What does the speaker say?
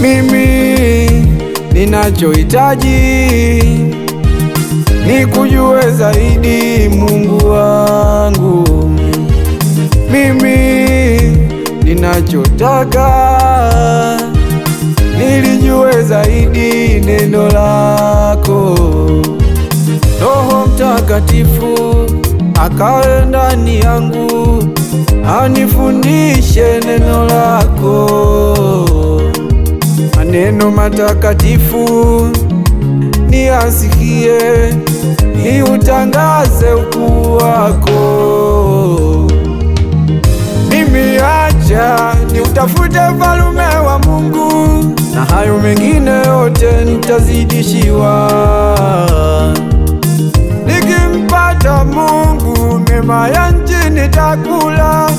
Mimi ninachohitaji ni kujue zaidi Mungu wangu. Mimi ninachotaka nilijue zaidi neno lako. Roho Mtakatifu akae ndani yangu anifundishe neno lako maneno matakatifu niasikie niutangaze ukuu wako. Mimi acha niutafute falume wa Mungu, na hayo mengine yote nitazidishiwa. Nikimpata Mungu, mema ya nchi nitakula.